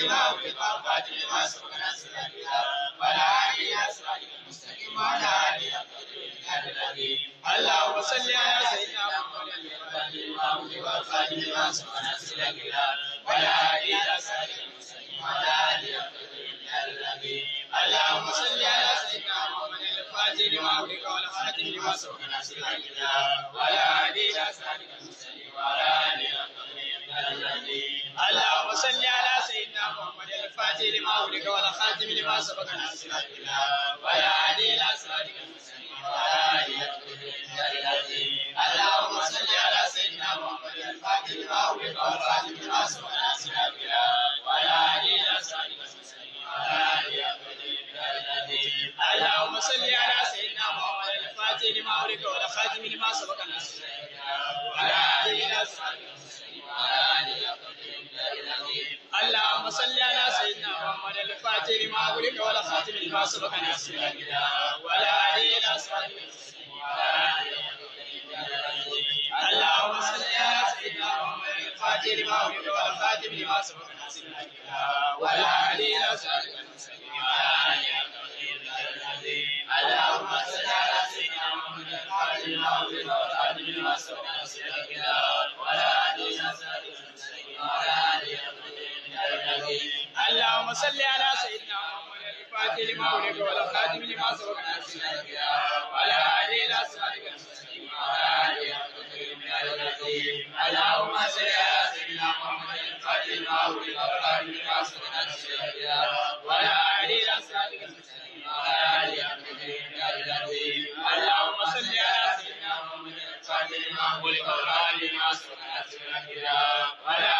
بهما وفي طرفاتهما سبلا سلامها وعلى آله صراطك المستقيم وعلى آله اللهم صل على سيدنا محمد وفاتهما سبلا سلامها وعلى آله صراطك المستقيم وعلى آله اللهم صل على سيدنا محمد الفاتح لما أمرك والخاتم لما سبق ناصر الهدى وعلى آله صراطك المستقيم وعلى آله اللهم صل الفاتح لما أغلق ولا خاتم لما سبق ناصر الإمام ولا علي لا صراطك المستقيم ولا اللهم صل على سيدنا محمد الفاتح لما أغلق خاتم لما سبق المصلح نسل الإله ولا إلى صلب اللهم صل على سيدنا محمد الفاتح للمولد والخاتم لما سبق نسل الإله ولا إلى صلب اللهم صل على سيدنا محمد الفاتح للمولد والخاتم لما سبق نسل الإله ولا إلى صلب اللهم صل على سيدنا لما أولك ولا خادم لما سبق ولا هادي إلى صراطك المستقيم ولا اللهم صل على سيدنا محمد الفاتح لما أولك ولا لما سبق ولا هادي إلى صراطك المستقيم اللهم صل على سيدنا محمد الفاتح لما أولك ولا لما سبق ولا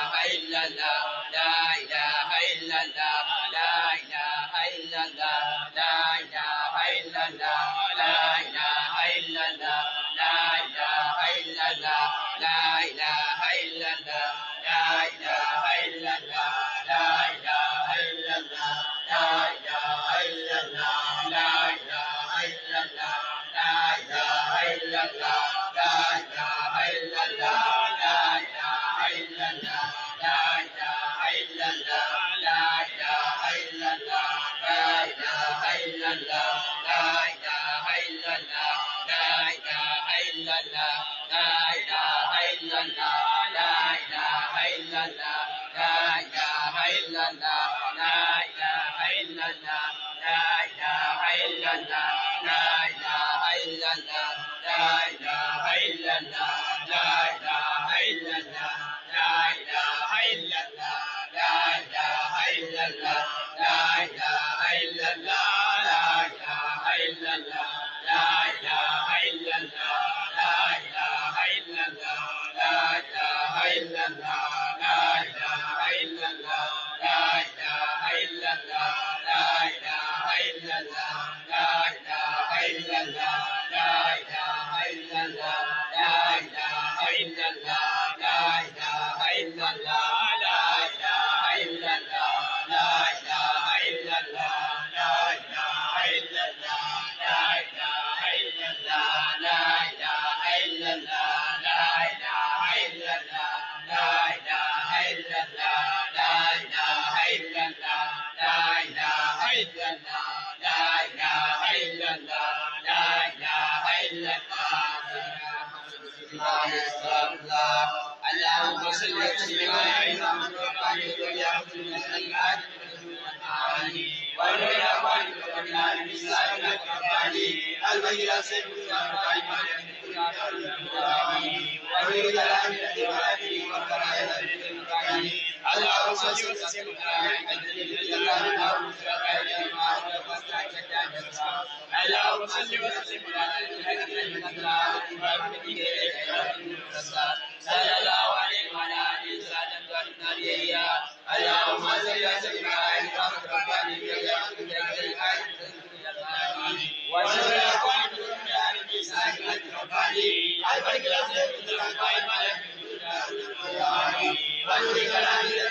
اللهم صل وسلم على صلى الله عليه وعلى اله وصحبه اجمعين اللهم صل وسلم على وسلم على الرحمن الرحيم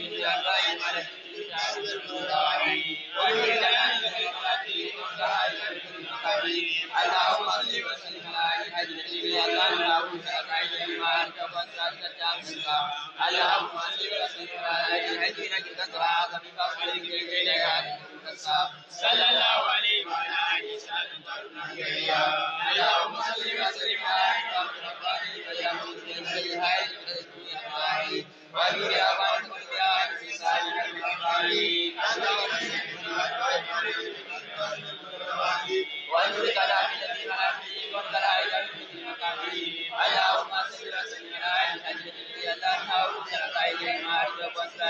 عليهم اللهم صل وسلم على اجمعين اللهم اعوذ بك مما انت وسالت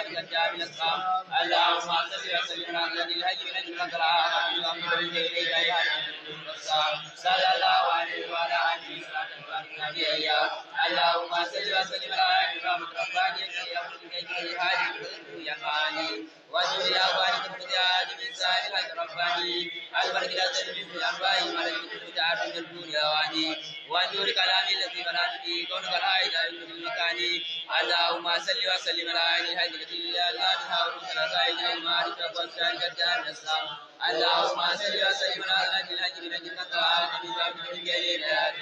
Allahumma salli wa sallim ala nabiyyina Muhammad wa ala alihi wa sahbihi ajma'in. Wassalamu alaikum warahmatullahi wabarakatuh. ونور كلام الذي بلغت به كونك الآية في المكان اللهم صل وسلم على عين الهدي الذي لا نهى ورسل سائل المعرفة والسائل كالدار الإسلام اللهم صل وسلم على عين الهدي الذي قطع الحبيب عبد الكريم يا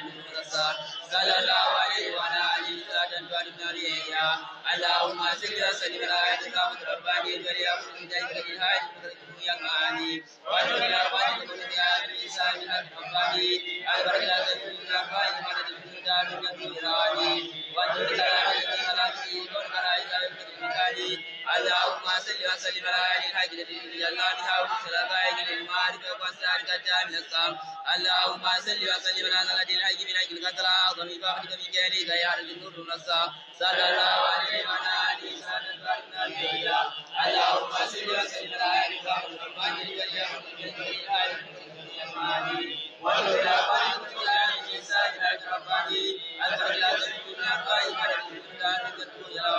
صلى الله عليه وعلى آله صلاة تعلمنا عليها اللهم صل وسلم على عين الهدي الرباني الذي يخرج من ذلك الهادي المعاني ونور اللهم صل وسلم على سيدنا الحج من اجل قتل اعظم فاخذك من كيدي يا رجل النصر صلى الله عليه وعلى اله وصحبه وسلم Allahumma salli wa sallim ala ajlihi wa sallim ala ajlihi wa sallim ala ajlihi wa sallim ala ajlihi wa sallim ala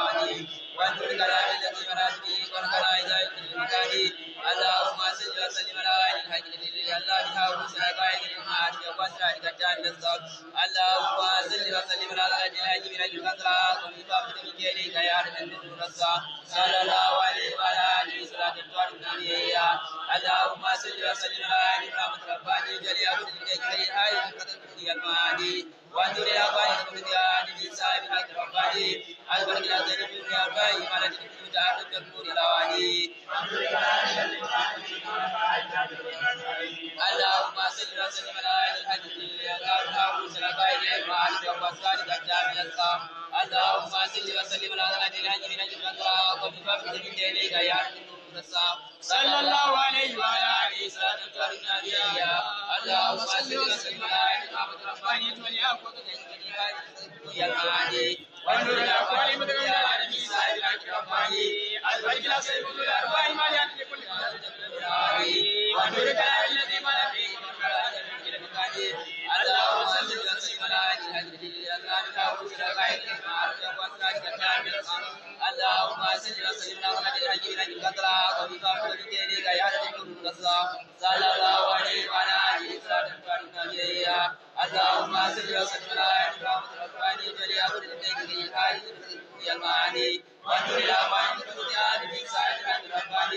ajlihi wa sallim ala ajlihi wa sallim ala ajlihi wa sallim ala ajlihi wa sallim ala ajlihi wa sallim ala ajlihi wa sallim ala ajlihi wa sallim ala ajlihi wa sallim ala ajlihi wa اللهم صل وسلم على محمد الرحمن واليابر الذي يحاج المعاني وانظر الى ما يمكن ان يساعد عن الرحمن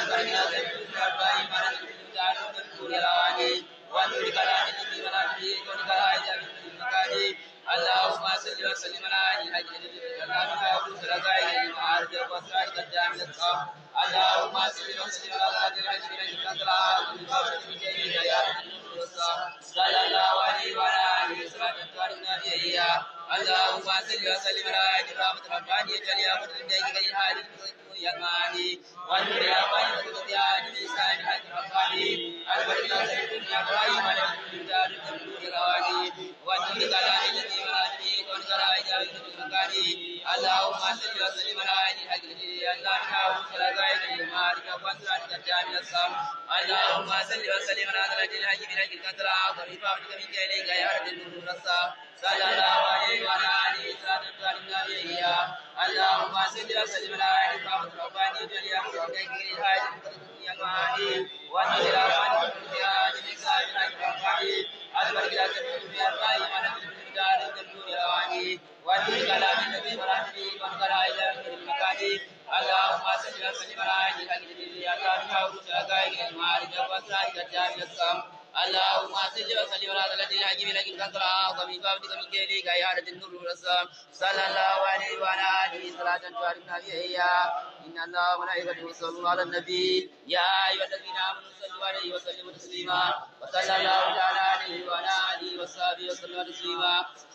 البركه من الرحمن مرد الجار والنور العاني وانظر كلام الذي منافي ونكاح من المكاني اللهم صل وسلم على الحج الذي كان قبل سلاطين والسائل الدام للقوم اللهم صل وسلم على جلال جلالك انت العالم الفاضل من جميع حياتنا صلى الله عليه وعلى اله وصحبه وسلم اللهم صل وسلم على رحمة رباني جل يا فرد الدين غير هذه يا ماني والنور يا ماني والقدس يا جل لسان حد رباني البركة يا ابراهيم عليك الدار اللهم صل وسلم على عين حقه اللهم نعوذ بك من مالك واسرارك الجامع الصام اللهم صل وسلم على درجة الحج من حج القدر وبفضلك منك إليك يا رب النور الصام صلى الله عليه وعلى آله صلاة تعلمنا به اللهم صل وسلم على عين فاطمة رباني جل يحفظك كيك الحاج المعاني ونزل أرواحك في هذه الإنسان الحج الرحمن أدبر إلى تبعك في أرواحي واتي كلامي في مراتبي وانقرا الى اخر المكاتب اللهم صل وسلم على عبدك الذي اتاك ورسلك المعارف والسائل الجامع السام اللهم صل وسلم على الذي لا يجب لك الكثرة ومن قبلك من كيلك يا رد النور والسلام صلى الله عليه وعلى آله صلاة تعلمنا بها إن الله وملائكته يصلون على النبي يا أيها الذين آمنوا صلوا عليه وسلموا تسليما وصلى الله تعالى عليه وعلى آله وصحبه وسلم تسليما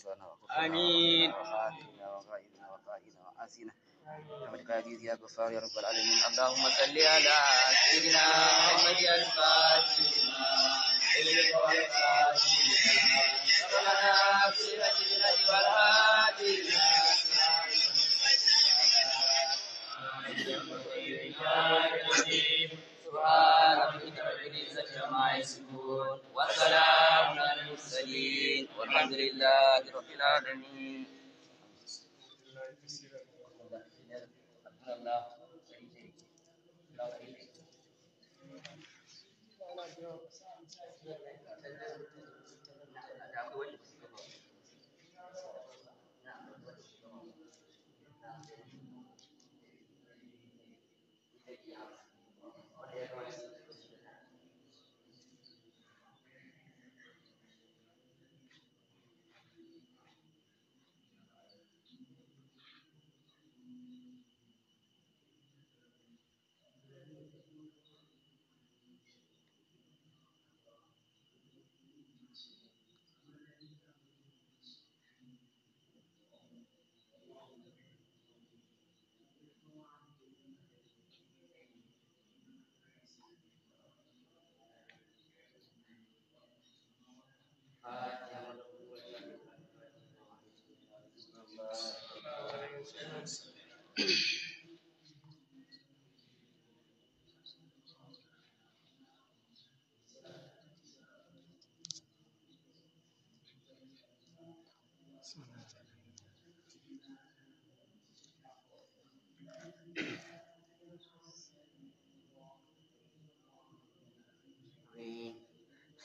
إحسانا آمين وقائدنا وقائدنا وآسنا برحمتك يا عزيز يا غفار يا رب العالمين اللهم صل على سيدنا محمد الفاتح ربنا في المسجد والهادي سبحان ربك رب العزة عما يصفون والسلام على والحمد لله رب العالمين Yeah.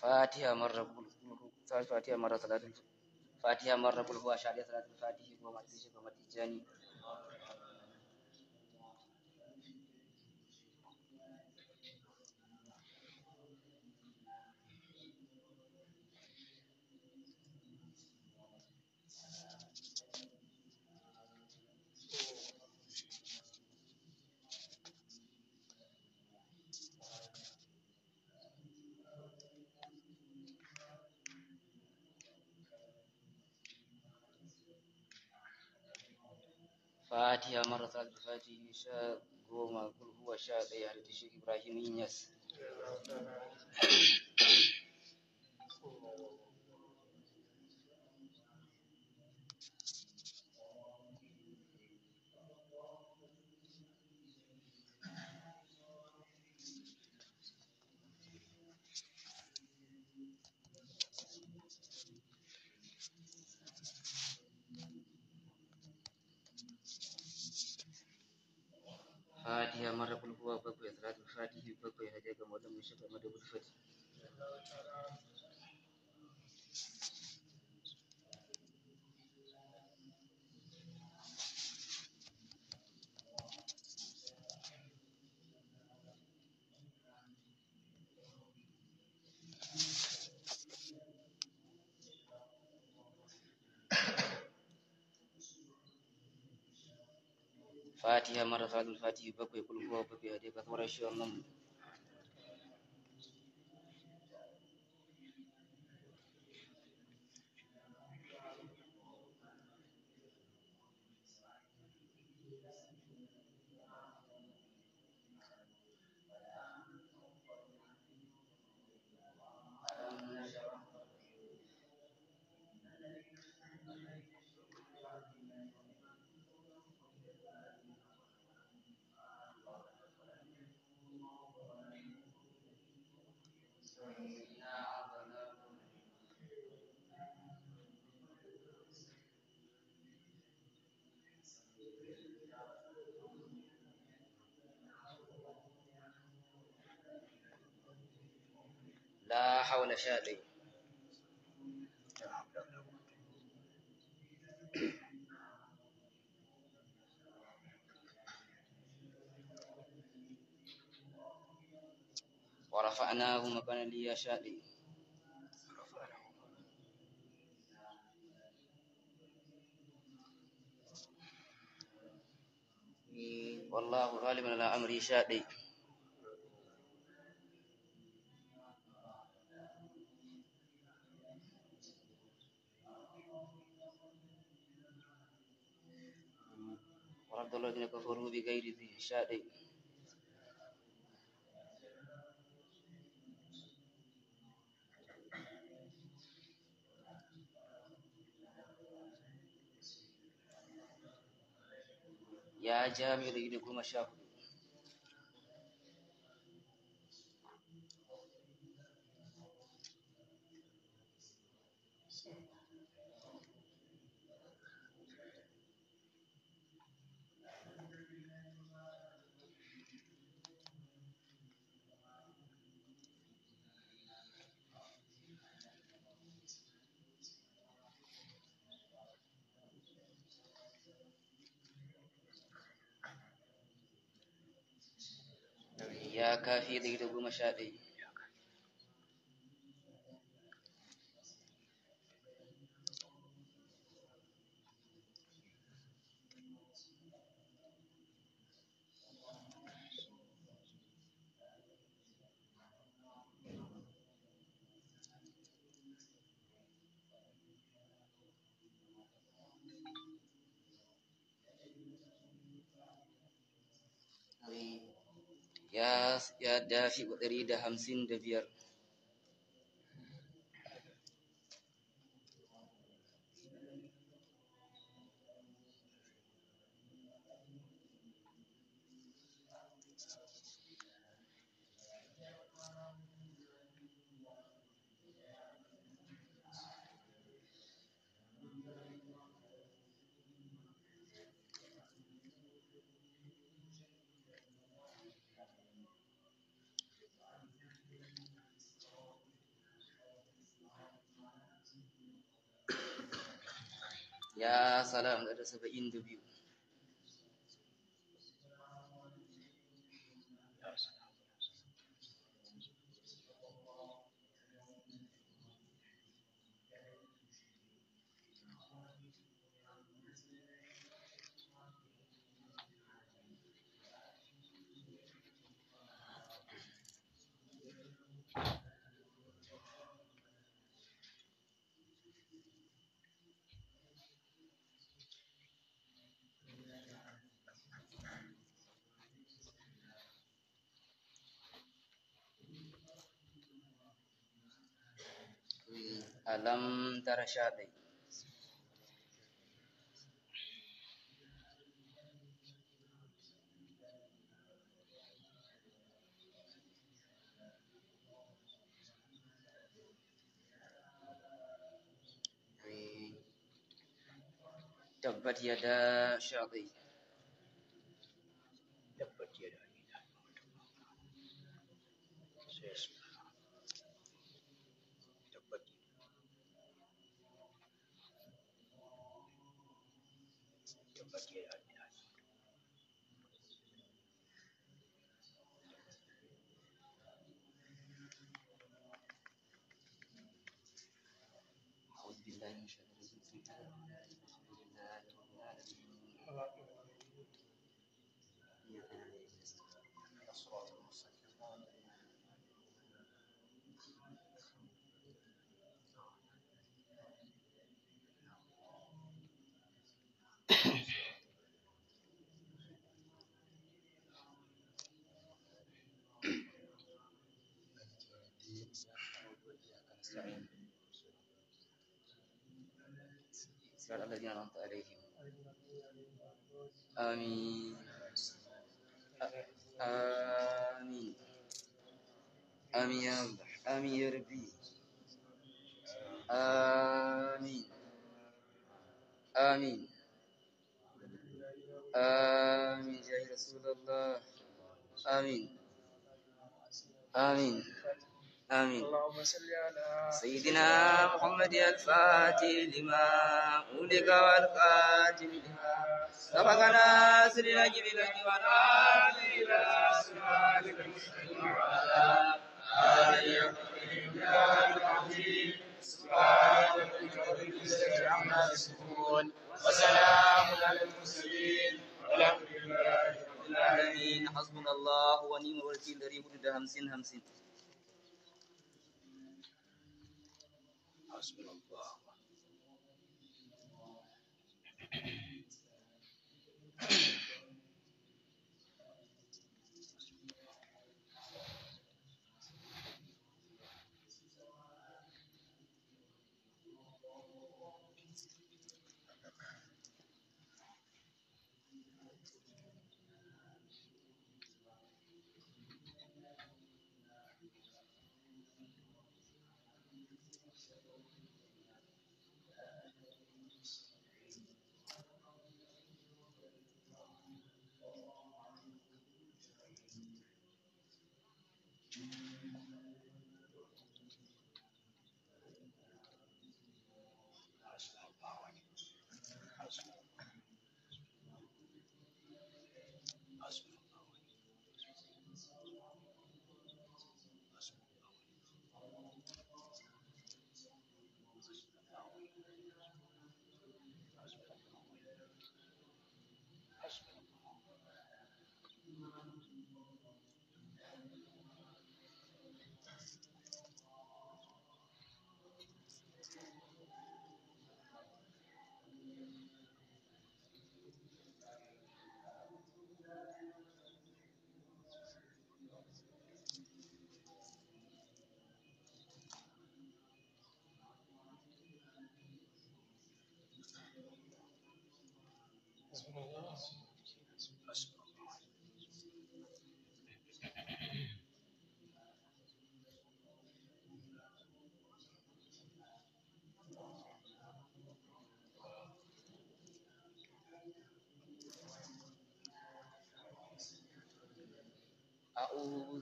فاتحة مرة قل فاتحة مرة ثلاثة فاتحة مرة قل هو شعر ثلاثة فاتحة وما تجي وما تجاني fati sha goma gulhuwa sha ɗaya da shi ibrahim yas mara kulhuwa bakwai salatu fatihi bakwai hajjaga maulana shi game da wulfati fatiha marra salatul fatihi bakwai kulhuwa bakwai a dai kasuwar shi wannan لا حول شادي رفعناه مكانا شادي والله غالبا على امري شادي ورد الله الذين كفروا بغير ذي شادي ya jami'u da goma sha hudu ذي ذو بمشاري ya dafi ɗari da hamsin da biyar na salam da saba'in da biyu ألم ترى شادي تبت يدا شاطئ المستعين صراط الذين أنعمت عليهم آمين آمين آمين يا الله آمين يا ربي آمين آمين آمين يا رسول الله آمين آمين آمين اللهم صل على سيدنا محمد الفاتح لما أولك والخاتم لما سبق ناصر الأجب لك ولا إلى صراطك المستقيم وعلى آله وصحبه سبحان ربك رب العزة عما يصفون وسلام على المرسلين والحمد لله رب العالمين حسبنا الله ونعم الوكيل دريب 50 50 Hospital you.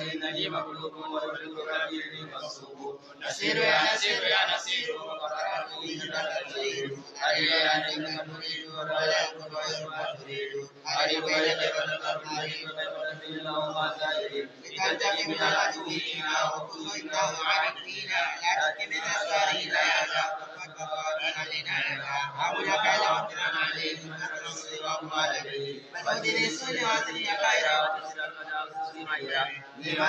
ياسين لي مغلوب ويغلب كبير مغصوب نسير يا نسير يا نسير وقرأت به الأجير أيا أنك تريد ولا يكون غير ما تريد أريد إليك فتقر عليك فتقر الله سائر لتنتهي من العدو إنا وكل إنه عن فينا لا تكن من أسرائيل يا ذا أبو جبل وكان عليه من الرسول وقال لي فسجد السجود يا خير وتسلم Ajiye ya ya ya ya ya ya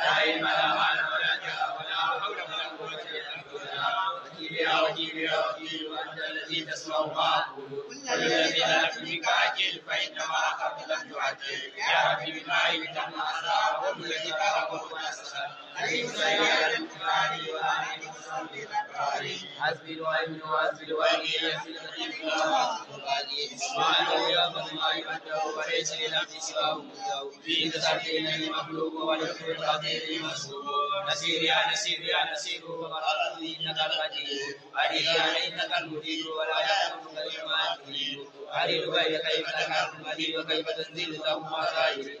ya ya ya ya ya يا وكيل يا وكيل وانت الذي تسمع ما أقول والذي أنا بك عجل فإنما أخاف لم تعجل يا ربي بما علمت ما أسرع والذي أخاف ما أسرع حسبي الوعد وحسبي الوعد يسير الخير وعده يا فضل ما يبدأ وليس لنفسي سواه في تسعتين المخلوق والحكم القدير المسلوب نسير يا نسير يا نسير وغرقت انك القدير عليك انك المدير ولا يعلم كيف ما تريد عليك كيف تنعم وكيف تنزل له ما لا يريد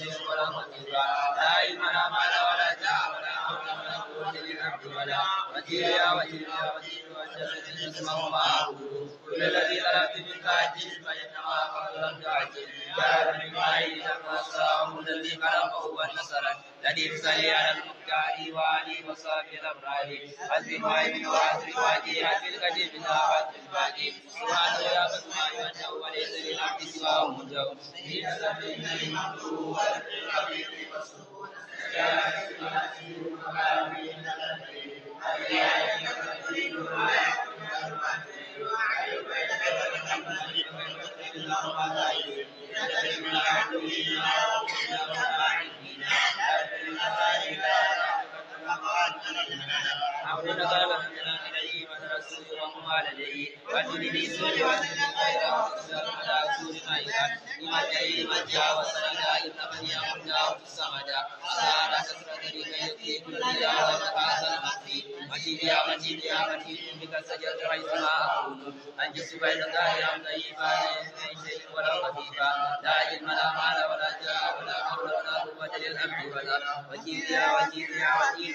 وكيلا وكيلا وكيلا اسمه معه كل الذي طلبت منك عجل فانما قبل ربك عجل بعد بما يلزم نصره الذي خلقه ونصره الذي يصلي على المختار وعلي وصحبه الابرار حسب المؤمن وحسب الواجي حسب الكشف لا حسب الباقي سبحانه يا بسماء وجهه وليس للعبد سواه مجهه في سبيل المحبوب والحبيب والسرور يا حكيم حكيم وكافي اللهم ونقل منها إليه وتنسل وهما لديه وجل لي سوء وجل غيره على سوء أيضا لما تعيد مجا وسند أن من يمنع الصمد صار كسر ذلك يبكي كل وتقاس المخفي مجيد يا مجيد يا مجيد بك سجدت حيثما أكون أنجس بين ظاهرا طيبا من شيء ولا خفيفا لا علم لا مال ولا جاه ولا حول ولا قوة للأمر ولا وجيد يا وجيد يا وجيد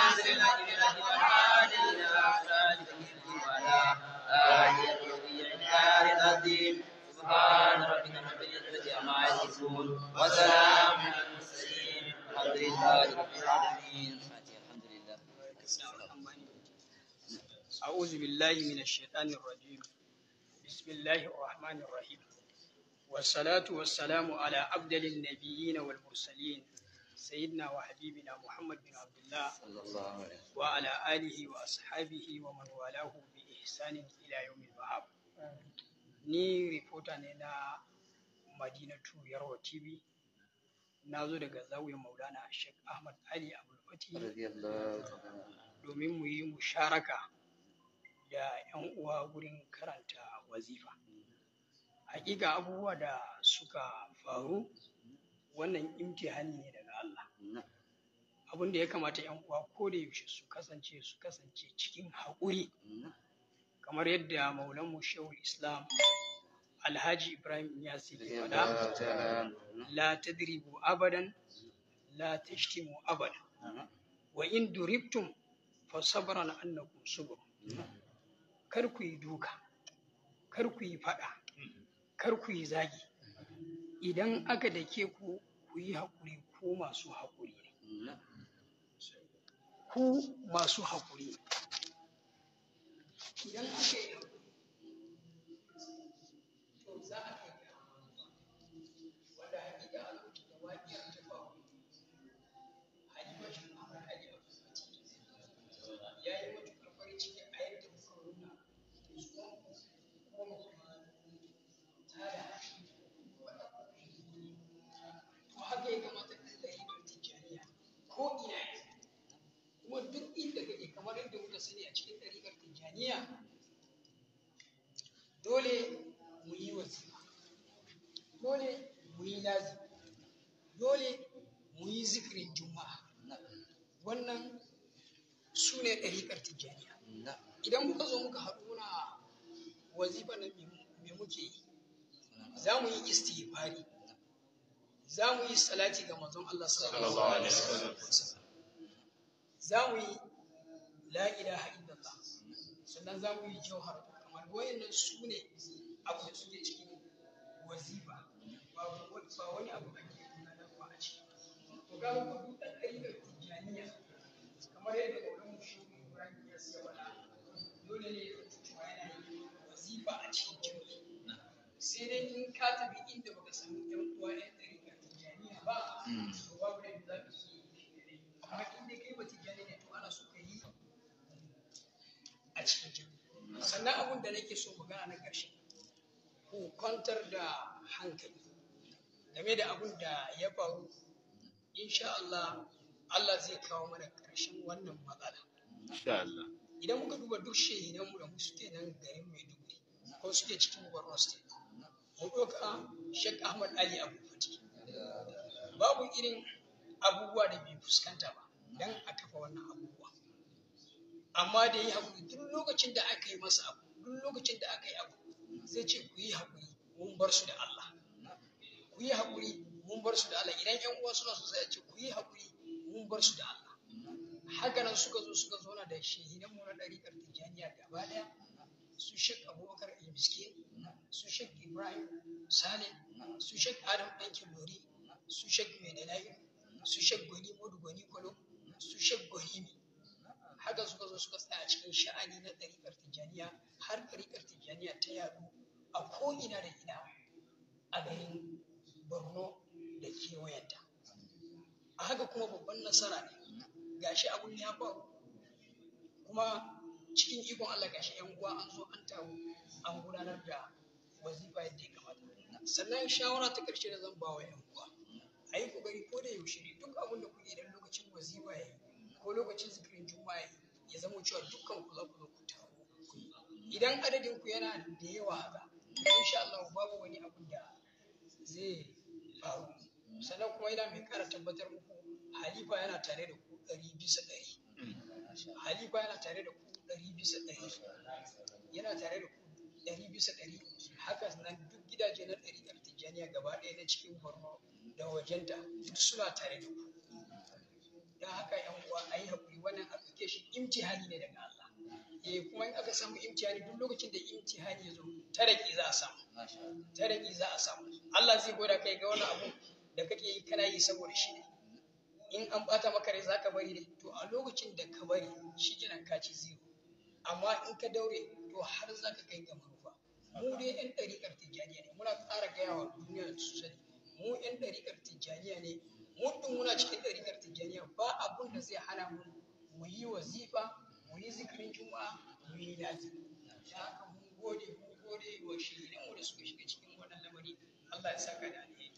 بالله من الشيطان الرجيم بسم الله الرحمن الرحيم والصلاة والسلام على أفضل النبيين والمرسلين سيدنا وحبيبنا محمد بن عبد الله وعلى آله وأصحابه ومن والاه بإحسان إلى يوم المعاد ni rifota ne na madina tu yarwa tv na zo daga zawiyar maulana sheikh ahmad ali abulfati domin mu yi musharaka da 'yan uwa gurin karanta wazifa hakika abubuwa da suka faru wannan imtihani ne daga Allah abin da ya kamata 'yan uwa ko da yaushe su kasance su kasance cikin haƙuri kamar yadda maulanmu shehu islam alhaji ibrahim ya faɗa la tadribu abadan la tashtimu abadan wa in duribtum fa sabran annakum subr kar ku yi duka kar ku yi faɗa kar ku yi zagi idan aka dake ku ku yi haƙuri ko masu haƙuri ku masu haƙuri idan aka yi sani a cikin ɗariƙar tijjaniya dole mu yi wasi dole mu yi lazi dole mu yi zikirin juma'a wannan su ne ɗariƙar tijjaniya idan muka zo muka haɗu muna wazifa na me muke yi za mu yi istighfari za mu yi salati ga manzon Allah sallallahu alaihi wasallam za mu yi la ilaha illallah sannan za mu yi jauhar kamar wayannan su ne abu da suke cikin wazifa ba wani abu ake nuna nan ba a ciki to ga ku dukkan ayyukan tijaniya kamar yadda ƙaunar mu shi Ibrahim ya siya wala dole ne ya cewa yana yi wazifa a cikin jami'i sai dai in ka tabi inda baka samu yan uwa yan ɗari tijaniya ba hmm. cikin ta sannan abun da nake so mu gana na ƙarshe ku kwantar da hankali game da abun da ya faru insha Allah Allah zai kawo mana ƙarshen wannan matsala insha Allah idan muka duba duk mu da suke nan garin Maiduguri ko suke cikin Borno state mu ɗauka Sheikh Ahmad Ali Abu Fati babu irin abubuwa da bai fuskanta ba dan a kafa wannan abubuwa amma da yi haƙuri duk lokacin da aka yi masa abu duk lokacin da aka yi abu zai ce ku yi haƙuri mun bar su da Allah ku yi haƙuri mun bar su da Allah idan ƴan uwa suna so sai a ce ku yi haƙuri mun bar su da Allah haka nan suka zo suka zauna da na mura ɗari ɗariƙar Tijjaniya gaba ɗaya su Sheikh Abubakar Ilmiske su Sheikh Ibrahim Salim, su Sheikh Adam Ɗankin Lori su Sheikh Menelayo su Sheikh Gwani Modu Gwani Kwalo su Sheikh Gwahimi haka suka zo suka tsaya cikin sha'ani na ɗariƙar tijjaniya har ɗariƙar tijjaniya ta yadu a ko'ina da ina a garin borno da kewayenta a haka kuma babban nasara ne gashi abun ya faru kuma cikin ikon allah gashi yan uwa an zo an taru an gudanar da wazifa yadda ya kamata sannan shawara ta ƙarshe da zan ba wa yan uwa a yi ƙoƙari ko da yaushe duk abin da kuke idan lokacin wazifa ya yi ko lokacin zikirin juma'a ya zama cewa dukkan ku za ku zo ku taru idan adadin ku yana da yawa haka insha Allah babu wani abu da zai faru sannan kuma idan mai kara tabbatar muku halifa yana tare da ku ɗari bisa ɗari halifa yana tare da ku ɗari bisa ɗari yana tare da ku ɗari bisa ɗari haka nan duk gidaje na ɗari ɗan tijjaniya gaba ɗaya na cikin borno da wajenta duk suna tare da ku don haka yan uwa a yi haƙuri wannan a ɗauke shi imtihani ne daga Allah eh kuma in aka samu imtihani duk lokacin da imtihani ya zo taraki za a samu taraki za a samu Allah zai gwada kai ga wani abu da kake yi kana yi saboda shi ne in an bata maka rai zaka bari ne to a lokacin da ka bari shi kenan ka ci zero amma in ka daure to har zaka kai ga manufa mu dai yan ɗariƙar tijjaniya ne muna ƙara gaya wa duniya su sani mu yan ɗariƙar tijjaniya ne muddin muna cikin ɗariƙar tijjaniya ba abun da zai hana mu mu yi wazifa mu yi zikirin juma'a mu yi lati da haka mun gode mun gode wa shirin da suka shiga cikin wannan lamari Allah ya saka da alheri